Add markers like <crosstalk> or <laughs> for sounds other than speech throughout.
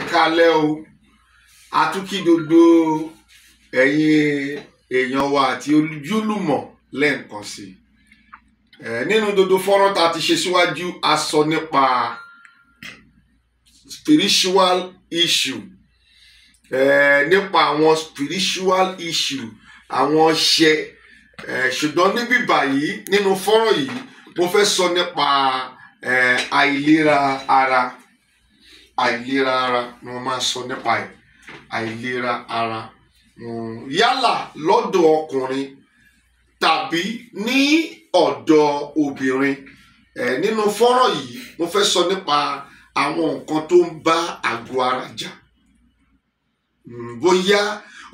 ẹ kálẹ́ o a tún kí gbogbo ẹ̀yin èèyàn wa àti ojúlùmọ̀ lẹ́ẹ̀kan sí i nínú gbogbo fọ́nrán tá a ti ṣe síwájú a sọ nípa spiritual issue nípa àwọn spiritual issue àwọn ṣe ṣùgbọ́n níbí báyìí nínú fọ́nrán yìí mo fẹ́ sọ nípa àìlera ara àìlera ara ni wọ́n máa ń sọ nípa ẹ̀ àìlera ara mm, yálà lọ́dọ̀ ọkùnrin tàbí ní ọ̀dọ̀ obìnrin ẹ̀ nínú fọ́nrán yìí mo fẹ́ sọ nípa àwọn nǹkan tó ń bá àgọ́ ara jà mm, bóyá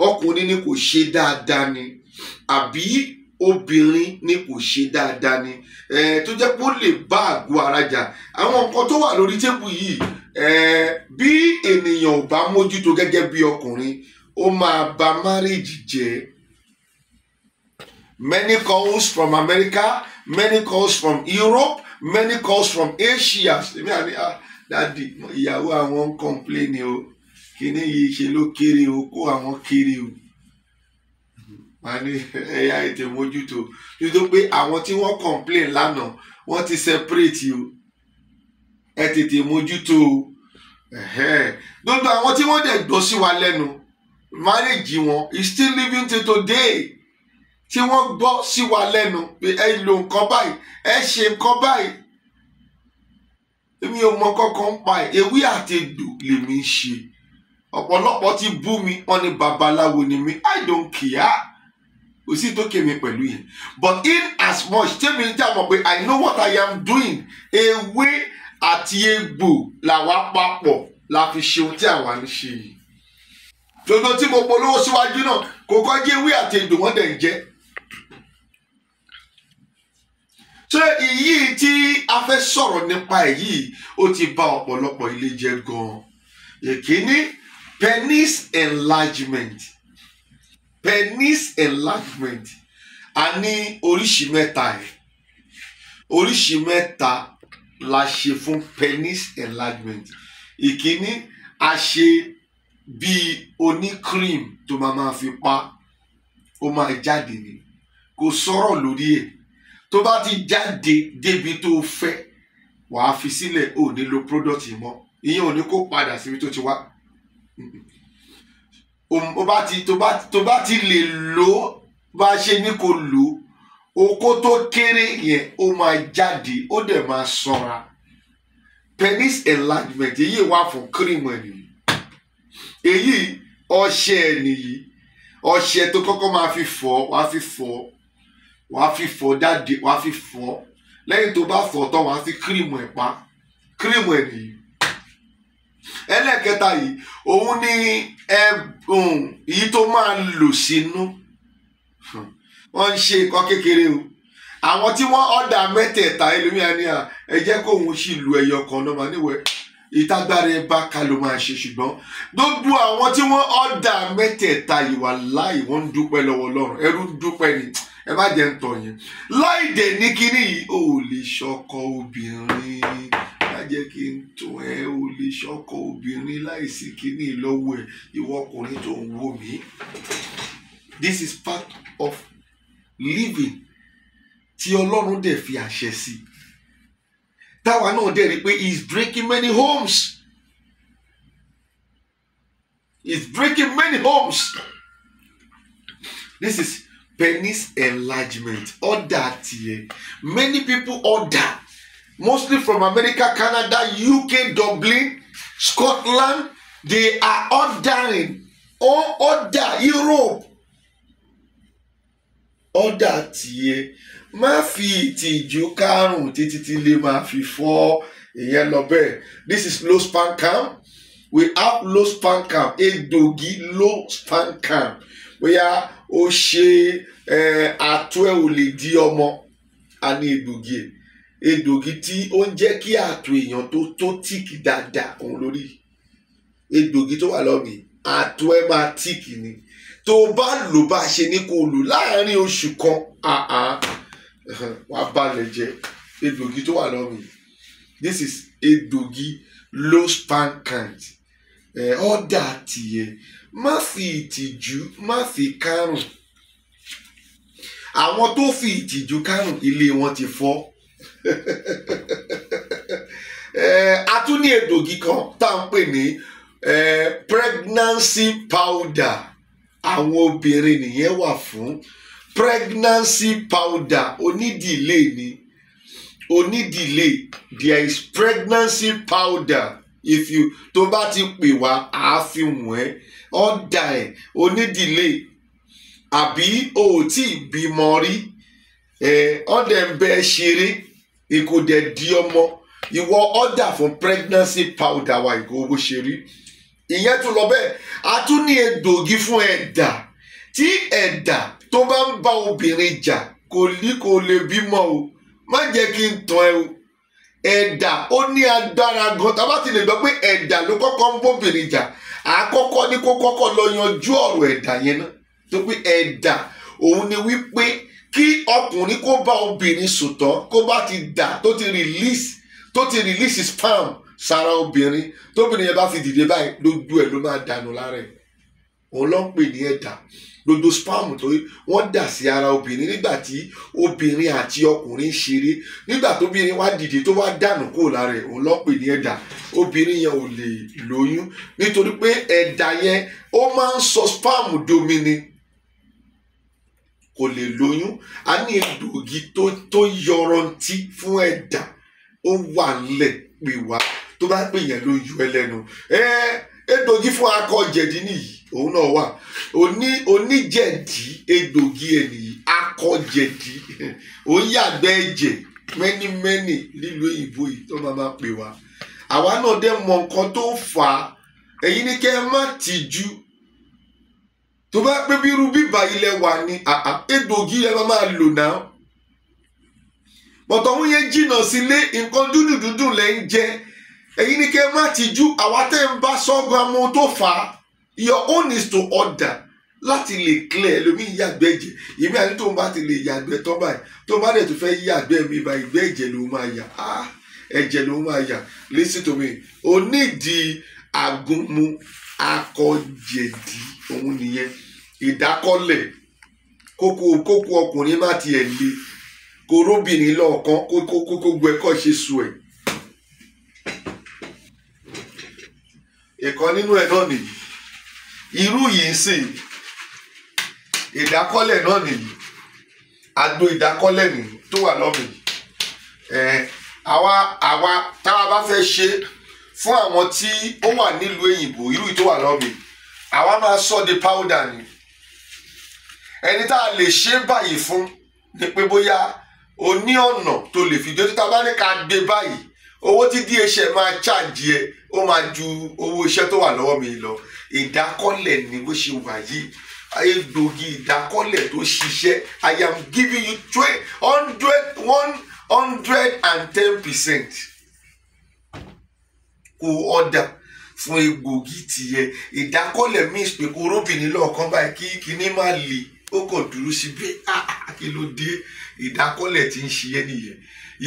ọkùnrin ni kò ṣe dáadáa ni àbí obìnrin ni kò ṣe dáadáa ni ẹ̀ tó jẹ́ pé ó lè bá àgọ́ ara jà àwọn nǹkan tó wà lórí tébù yìí bí ènìyàn ò bá mójútó gẹ́gẹ́ bí ọkùnrin ó máa bà márèjì jẹ́ many calls from America many calls from Europe many calls from Asia èmi àní ah, dáàdì ìyàwó àwọn ń kọ́ńpléènì o kíní yìí ṣe ló kéré o kó àwọn kéré o wọ́n ní ẹ̀yà ètò ìmójútó nítorí pé àwọn tí wọ́n kọ́ńpléènì lánàá wọ́n ti separate o ẹ tètè mójútó gbogbo àwọn tí wọ́n dẹ̀ gbọ́ sí wa lẹ́nu marriage wọn is still living till today tí wọ́n gbọ́ sí wa lẹ́nu pé ẹ lo nǹkan báyìí ẹ ṣe nǹkan báyìí èmi ò mọ kankan pa ẹ ewé àti èdò lèmi ń ṣe ọ̀pọ̀lọpọ̀ ti bú mi wọ́n ní babaláwo ni mi i don't care kò sí tó kémi pẹ̀lú yẹn but in as much tẹ́mi jà mọ̀ pé i know what i am doing ewé àti egbò làwa papọ̀ la fi ṣe ohun tí àwa ń ṣe yìí. gbogbo tí mo polówó síwájú náà kò kọjá ewé àti egbò wọ́n dẹ̀ ń jẹ. ṣé ìyí tí a fẹ́ sọ̀rọ̀ nípa ẹ̀ ó ti bà ọ̀pọ̀lọpọ̀ ilé jẹ́ gan-an. ìkíní penis enlargement penis enlargement a ní oríṣi mẹ́ta ẹ̀ oríṣi mẹ́ta la ṣe fún penis enlargement ìkíní a ṣe bíi oní cream tó máa máa fi pa ó máa jáde ni kò sọ̀rọ̀ lórí ẹ̀ tó bá ti jáde débi tó fẹ́ wàá fi sílẹ̀ ò ní lo product yìí mọ́ ìyẹn ò ní kó padà síbi tó ti wá tó bá ti lè lò ó bá ṣe ní kó lò ó oko tó kéré yẹn ó máa jáde ó dẹ̀ máa sanra penis enlargement èyí wà fún kírìmù nìyí èyí ọṣẹ nìyí ọṣẹ tó kọ́kọ́ máa fi fọ̀ wàá fi fọ̀ wàá fi fọ̀ jáde wàá fi fọ̀ lẹ́yìn tó bá fọ̀ tán wàá fi kírìmù ẹ̀ pa kírìmù ẹ̀ nìyí ẹlẹ́ẹ̀kẹta yìí òun ni ẹ um, èyí tó máa lò sínú. Hmm wọ́n ń ṣe nǹkan kékeré o àwọn tí wọ́n ọ̀dà mẹ́tẹ̀ẹ̀ta ẹlòmíà ní à ẹ jẹ́ kó òun sì lu ẹyọ kan náà máa níwẹ̀ ìtagbára ẹ bá ká ló máa ṣe ṣùgbọ́n gbogbo àwọn tí wọ́n ọ̀dà mẹ́tẹ̀ẹ̀ta ìwà láì wọ́n ń dúpẹ́ lọ́wọ́ ọlọ́run ẹrú ń dúpẹ́ ni ẹ má jẹ́ ń tọ̀ yẹn láì dẹ̀ ní kínní yìí ò lè ṣọkọ obìnrin má jẹ́ kí n tún ẹ ò lè ṣọkọ obìnrin láìsí kínní lọ́wọ́ ẹ ìwọ ọkùnrin tó ń wò mí this is part of living tí ọlọ́run dẹ̀ fi àṣẹ sí táwa náà dẹ̀ rí pé he is breaking many homes he is breaking many homes this is penis enlargement order tiẹ̀ many people order mostly from America, Canada, UK, Dublin, Scotland they are ordering all order Europe ọ̀dà tiẹ̀ má fi ìtìjú kárùn títí tí lè máa fi fọ́ ìyẹn lọ bẹ́ẹ̀ this is low span Cam. we have low span Cam. egbògi low span camp bóyá ó ṣe àtọ́ ẹ̀ ò lè di ọmọ a ní egbògi ẹ̀ egbògi tí ó ń jẹ́ kí àtọ̀ èèyàn tó tó tíìkì dáadáa òun lórí egbògi tó wà lọ́mìí àtọ̀ ẹ̀ máa tíìkì ni tó o bá lò bá a ṣe ní kó o lò láàárín oṣù kan wàá balẹ̀ jẹ egbògi tó wà lọ́rùn this is egbògi low span count ọ̀dà tìyẹ má fi ìtìjú má fi kárùn àwọn tó fi ìtìjú kárùn ilé wọn ti fọ́ <laughs> a tún ní egbògi kan tá à ń pè ní pregnancy powder àwọn obìnrin nìyẹn wà fún pregnancy powder onídìílé ni onídìílé there is pregnancy powder if you tó bá ti pè wá àáfihàn ẹ ọ̀dà ẹ onídìílé àbí o ò tí ì bímọ rí ẹ ọ̀dẹ̀ ń bẹ ṣeré èkó di ọmọ ìwọ ọ̀dà fún pregnancy powder wa ìkó bó ṣe rí ìyẹn tún lọ bẹ́ẹ̀ a tún ní egbògi fún ẹ̀dà tí ẹ̀dà tó bá ń bá obìnrin jà kò ní kò lè bímọ o má jẹ́ kí n tàn ẹ́ o ẹ̀dà ó ní agbára gan tá a bá ti lè gbọ́ pé ẹ̀dà ló kọ́kọ́ ń bóbìnrin jà àkọ́kọ́ ní kó kọ́kọ́ lọ yanjú ọ̀rọ̀ ẹ̀dà yẹn náà tó pé ẹ̀dà òun ni wípé kí ọkùnrin kó bá obìnrin sùn tán kó bá ti dà tó ti release tó ti release sperm sára obìnrin tóbìnrin yẹn bá fi dìde báyìí lójú ẹ̀ ló máa dànù lára ẹ̀ òun ló ń pè ní ẹ̀dà gbogbo spam tó wọ́n dà sí ara obìnrin nígbà tí obìnrin àti ọkùnrin ṣeré nígbà tóbìnrin wá dìde tó wá dànù kó lára ẹ̀ òun ló ń pè ní ẹ̀dà obìnrin yẹn ò lè lóyún nítorí pé ẹ̀dà yẹn ó máa ń sọ spam domi ni kò lè lóyún a ní egbògi tó yọrantí fún ẹ̀dà ó wà nílẹ̀ pè wá tó bá pè yẹn ló yọ ẹlẹ́nu ẹ egbògi fún akọ jẹ̀dí nìyí òun náà wà oní oníjẹ̀dí egbògi ènìyí akọ jẹ̀dí òun yàgbẹ́ ẹ̀jẹ̀ mẹ́nimẹ́nì nílùú òyìnbó yìí tó máa máa pè wá àwa náà dẹ̀ mọ nǹkan tó fà á ẹ̀yin ni kẹ́ ẹ má tìjú tó bá pé bírú bíbá ilẹ̀ wà ní egbògi ẹ máa máa lò náà bọ̀tọ̀ yẹn jìnnà sílé nǹkan dúdùdúdù lẹ́ ń jẹ́ èyí ni kẹ́ má tijú àwa tẹ́ ń bá sọ́gun amú tó fà á your own is to order láti lè clear ẹlòmíì yàgbẹ́ jẹ èmi àti tó ń bá ti lè yàgbẹ́ tán báyìí tó bá dẹ̀ tó fẹ́ yàgbẹ́ mi bá ìgbẹ́ ẹ̀jẹ̀ ló máa yà á ẹ̀jẹ̀ ló máa yà listen to me onídìí agunmu akọjẹ̀dí òun nìyẹn ìdákọ́lẹ̀ kókó kókó ọkùnrin má tiẹ̀ le koróbìnrin lọ́ọ̀kan kókó kókó gbẹ́kọ̀ ṣe sùn ẹ̀. ìkan nínú ẹ̀ náà nìyí irú yìí sì ìdákọ́lẹ̀ náà nìyí agbo ìdákọ́lẹ̀ nìyí tó wà lọ́mì ẹ̀ àwa àwa táwa bá fẹ́ ṣe fún àwọn tí ó wà nílùú èyìnbó irú yìí tó wà lọ́mì àwa máa sọ di powder ni ẹni tá a lè ṣe báyìí fún ni pé bóyá o ní ọ̀nà tó lè fi dé tó tá bá ní ká gbé báyìí owó tí DHL máa charge ẹ ó máa ju owó iṣẹ́ tó wà lọ́wọ́ mi lọ ìdákọ́lẹ̀ ni bó ṣe wà yìí egbògi ìdákọ́lẹ̀ tó ṣiṣẹ́ I am giving you twenty hundred one hundred and ten percent kó ọ̀dà fún egbògi tìyẹ ìdákọ́lẹ̀ means pé kó róbìnrin lọ́ọ̀kan báyìí kí kinní má le ó kàn dúró síbi ah, ah, kí ló dé ìdákọ́lẹ̀ tí ń ṣiyẹ́ nìyẹn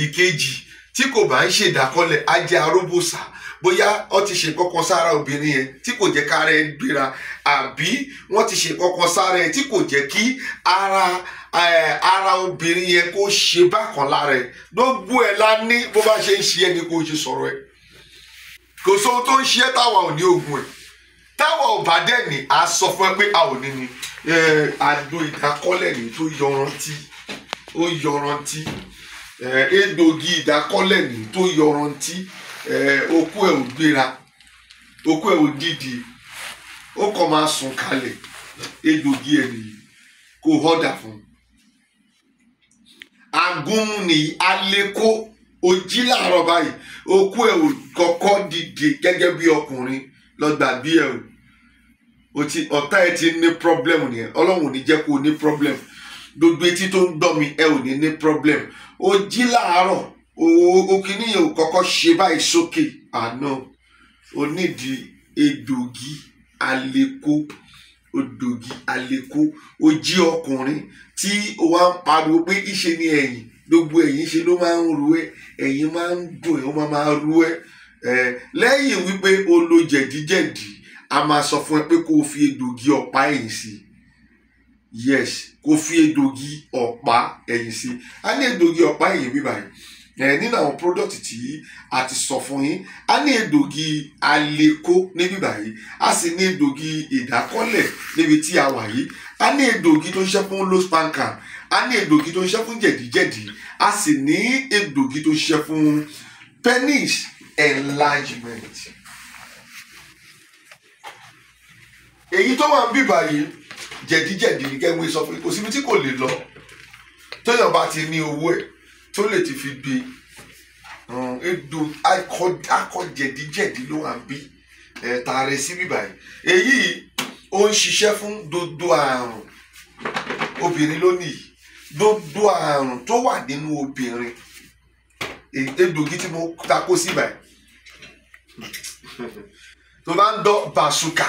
ìkejì tí kò bá ń ṣèdákọ́lẹ̀ á jẹ́ aróbòsà bóyá wọ́n ti ṣe kankan sára obìnrin yẹn tí kò jẹ́ kára ẹ gbéra àbí wọ́n ti ṣe kankan sára ẹ tí kò jẹ́ kí ara ara obìnrin yẹn kó ṣe bákan lára ẹ gbogbo ẹ̀ la ní bó bá ṣe ń ṣe ẹ ni kò ṣe sọ̀rọ̀ ẹ kò sóhun tó ń ṣe ẹ táwa ò ní ogun ẹ táwa ò bá dẹ̀ ní a sọ fún ẹ pé a ò ní ni àdó ìdákọ́lẹ̀ ní tó yọrantí ó yọrantí egbògi eh, ìdákọ́lẹ̀ ní tó yọrantí eh, okú ẹ̀ ò gbéra okú ẹ̀ ò dìdì ó kàn máa sùn kalẹ̀ egbògi ẹ̀ nìyí kò họ́dà fún un. agúnmu nìyí aleko ojí làárọ̀ báyìí okú ẹ̀ ò kọ́kọ́ dìde gẹ́gẹ́ bí ọkùnrin lọ́gbà bí ẹ̀ o ọ̀tá ẹ̀ ti ní pírọ́blẹ́mù nìyẹn ọlọ́run ò ní jẹ́ kó o ní pírọ́blẹ́mù gbogbo etí tó ń gbọ́ mi ẹ ò ní ní problem ó jí láàárọ̀ o kìíní yẹn ò kọ́kọ́ ṣe báyìí sókè àná o nídìí egbògi àlékò odògi àlékò o jí ọkùnrin tí o wá ń pariwo pé ìṣe ni ẹ̀yìn gbogbo ẹ̀yìn ṣe ló máa ń ru ẹ ẹ̀yìn máa ń dùn ẹ̀ ó máa máa ru ẹ lẹ́yìn wípé o lo jẹ̀díjẹ̀dí a máa sọ fún ẹ pé kó o fi egbògi ọ̀pá ẹ̀yìn sí i yes kó fi egbògi ọ̀pá ẹ̀yìn sí a ní egbògi ọ̀pá ẹ̀yìn bíbá yìí ẹ nínú àwọn product tí a ti sọ fún yín a ní egbògi àlékó níbí báyìí a sì ní egbògi ìdákọ́lẹ̀ níbi tí a wà yìí a ní egbògi tó ń ṣe fún low span cam a ní egbògi tó ń ṣe fún jẹ̀díjẹ̀dí a sì ní egbògi tó ń ṣe fún penis enlargement èyí tó wà ń bí báyìí jẹ̀díjẹ̀dí ni kẹ́wé sọ fún mi kò síbi tí kò lè lọ tóyàn bá ti ní owó ẹ̀ tó lè ti fi bi um, edo akọ jẹ̀díjẹ̀dí ló wà ń bí tààrẹ sí bíbá yìí èyí ó ń ṣiṣẹ́ fún dodo àrùn obìnrin lónìí dodo àrùn tó wà nínú obìnrin egbògi tí mo takó sí báyìí tó bá ń dọ bàṣùkà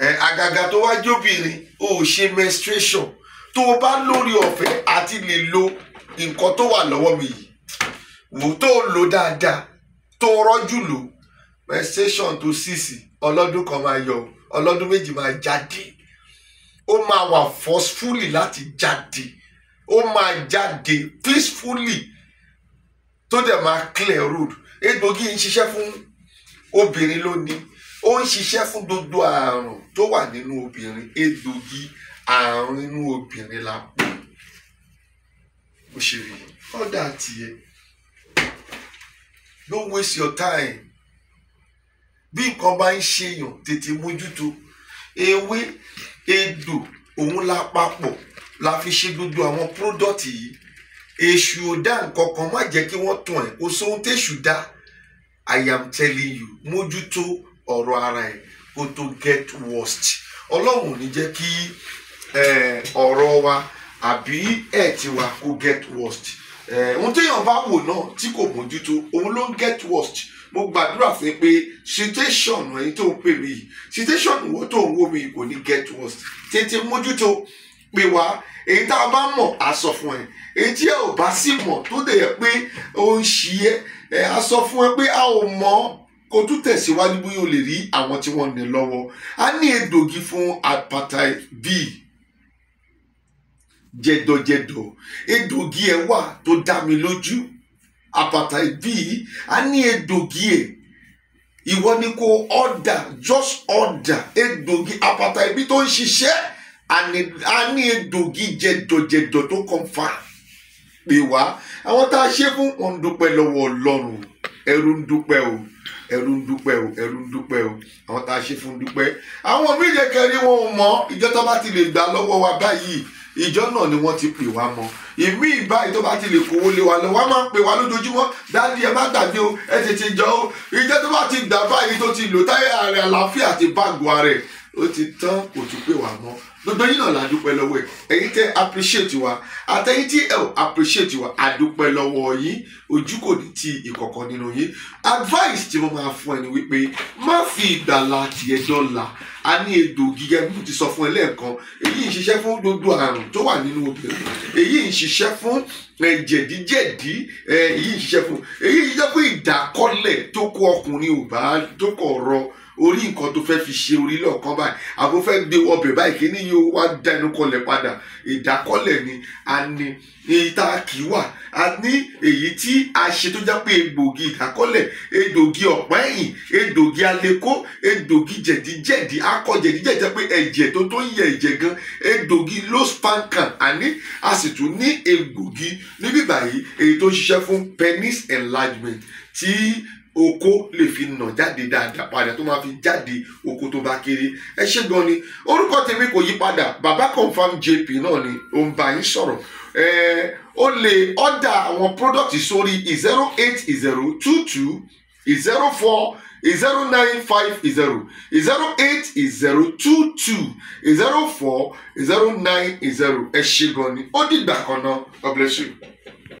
àgàgà tó wá jóbìnrin ò ṣe menstruation tó o bá lórí ọ̀fẹ́ àti lè lo nǹkan tó wà lọ́wọ́ mi yìí wò tó o lò dáadáa tó o rọ́jú lò menstruation tó sísì ọlọ́dún kan máa yọ ọlọ́dún méjì máa jáde ó máa wà forcefully láti jáde ó máa jáde peacefully tó dẹ̀ máa clear road egbògi ń ṣiṣẹ́ fún obìnrin lónìí ó ń ṣiṣẹ́ fún gbogbo àrùn tó wà nínú obìnrin egbògi àrùn inú obìnrin la pè ó ọ̀dà tiẹ̀ don't waste your time bí nǹkan bá ń ṣèyàn tètè mójútó ewé egbò òun la papọ̀ la fi ṣe gbogbo àwọn pródọ̀tì yìí èṣù ò dá nǹkan kan má jẹ́ kí wọ́n tàn ẹ́ kò sóhun téṣù dá i am telling you mójútó ọ̀rọ̀ ara ẹ̀ kó tó get worst ọlọ́run ò ní jẹ́ kí ọ̀rọ̀ wa àbí ẹ̀ tiwa kó get worst ohun téèyàn bá wò náà tí kò mójútó òun ló ń get worst mo gbàdúrà fún pé citation ẹni tó ń pè mí yìí citation ìwọ tó ń wò mí kò ní get worst tètè mójútó pé wá èyí tá a bá mọ̀ á sọ fún ẹ èyí tí ẹ ò bá sì mọ̀ tó dẹ̀ yẹ pé ó ń ṣí ẹ á sọ fún ẹ pé a ò mọ̀ kó tún tẹ̀síwájú bí o lè rí àwọn tí wọ́n ní lọ́wọ́ a ní egbògi fún hepatitis B jẹ̀dọ̀jẹ̀dọ̀ egbògi ẹ̀ wà tó dá mi lójú hepatitis B a ní egbògi ẹ̀ ìwọ ni kò ọ̀dà just ọ̀dà egbògi hepatitis B tó ń ṣiṣẹ́ a ní egbògi jẹ̀dọ̀jẹ̀dọ̀ tó confam pè wá àwọn tá a ṣe fún òun dúpẹ́ lọ́wọ́ ọlọ́run ẹrú ń dúpẹ́ o ẹrú ń dúpẹ́ o ẹrú ń dúpẹ́ o àwọn tá a ṣe fún dúpẹ́ àwọn méje kẹrin wọn ò mọ ìjọ tó bá ti lè gbà lọ́wọ́ wa báyìí ìjọ náà ni wọ́n ti pè wá mọ́ ìmí ìbáyìí tó bá ti lè kówó lé wa lọ wọ́n máa ń pè wá lójoojúmọ́ dáàdi ẹ má gbàgbé o ẹ tètè jọ o ìjọ tó bá ti dà báyìí tó ti lò táyà rẹ̀ àlàáfíà ti bá gbọ́ rẹ̀ ó ti tán kò tún pè wá mọ́ gbogbo yín náà la dúpẹ́ lọ́wọ́ ẹ̀ ẹ̀yin tẹ́ appreciate wa àtẹ̀yin tí ẹ ò appreciate wa àdúpẹ́ lọ́wọ́ yín ojú kò ní ti ìkọ̀kọ̀ nínú yín advice tí mo máa fún ẹ ni wípé má fi ti tiẹ̀ dọ́là a ní egbògi gẹ́gẹ́ mo ti sọ fún ẹ lẹ́ẹ̀kan èyí ń ṣiṣẹ́ fún gbogbo àrùn tó wà nínú obìnrin èyí ń ṣiṣẹ́ fún jẹ̀díjẹ̀dí èyí ń ṣiṣẹ́ fún èyí ń ṣiṣẹ́ fún ìdákọ́lẹ̀ tó kọ ọkùnrin ò bá tó kọ̀ ọ̀rọ̀ orí nǹkan tó fẹ́ fi ṣe orílẹ̀ ọ̀kan báyìí àbò fẹ́ gbé wọbẹ̀ báyìí kí ni yóò wá dá inú kọlẹ̀ padà ìdákọ́lẹ̀ ni a ní èyí tá a kì í wà a ní èyí tí a ṣe tó já pé egbògi ìdákọ́lẹ̀ egbògi ọ̀pá ẹ̀yìn egbògi aleko egbògi jẹ̀díjẹ̀dí akọ jẹ̀díjẹ̀dí pé ẹ̀jẹ̀ tó tó ń yẹ ẹ̀jẹ̀ gan egbògi lospankan àní a sì tún ní egbògi níbí báyìí èyí tó ń ṣiṣẹ́ fún penis enlargement tí oko lè fi nà jáde dáadáa padà tó máa fi jáde oko tó bá kéré ẹ ṣé gan ni orúkọ tèmi kò yí padà bàbá confam jp náà ni ó ń bá yín sọ̀rọ̀ ẹ o lè ọ̀dà àwọn product sórí zero eight zero two two zero four zero nine five zero zero eight zero two two zero four zero nine zero ẹ ṣé gan ni ó dìgbà kan náà God bless you.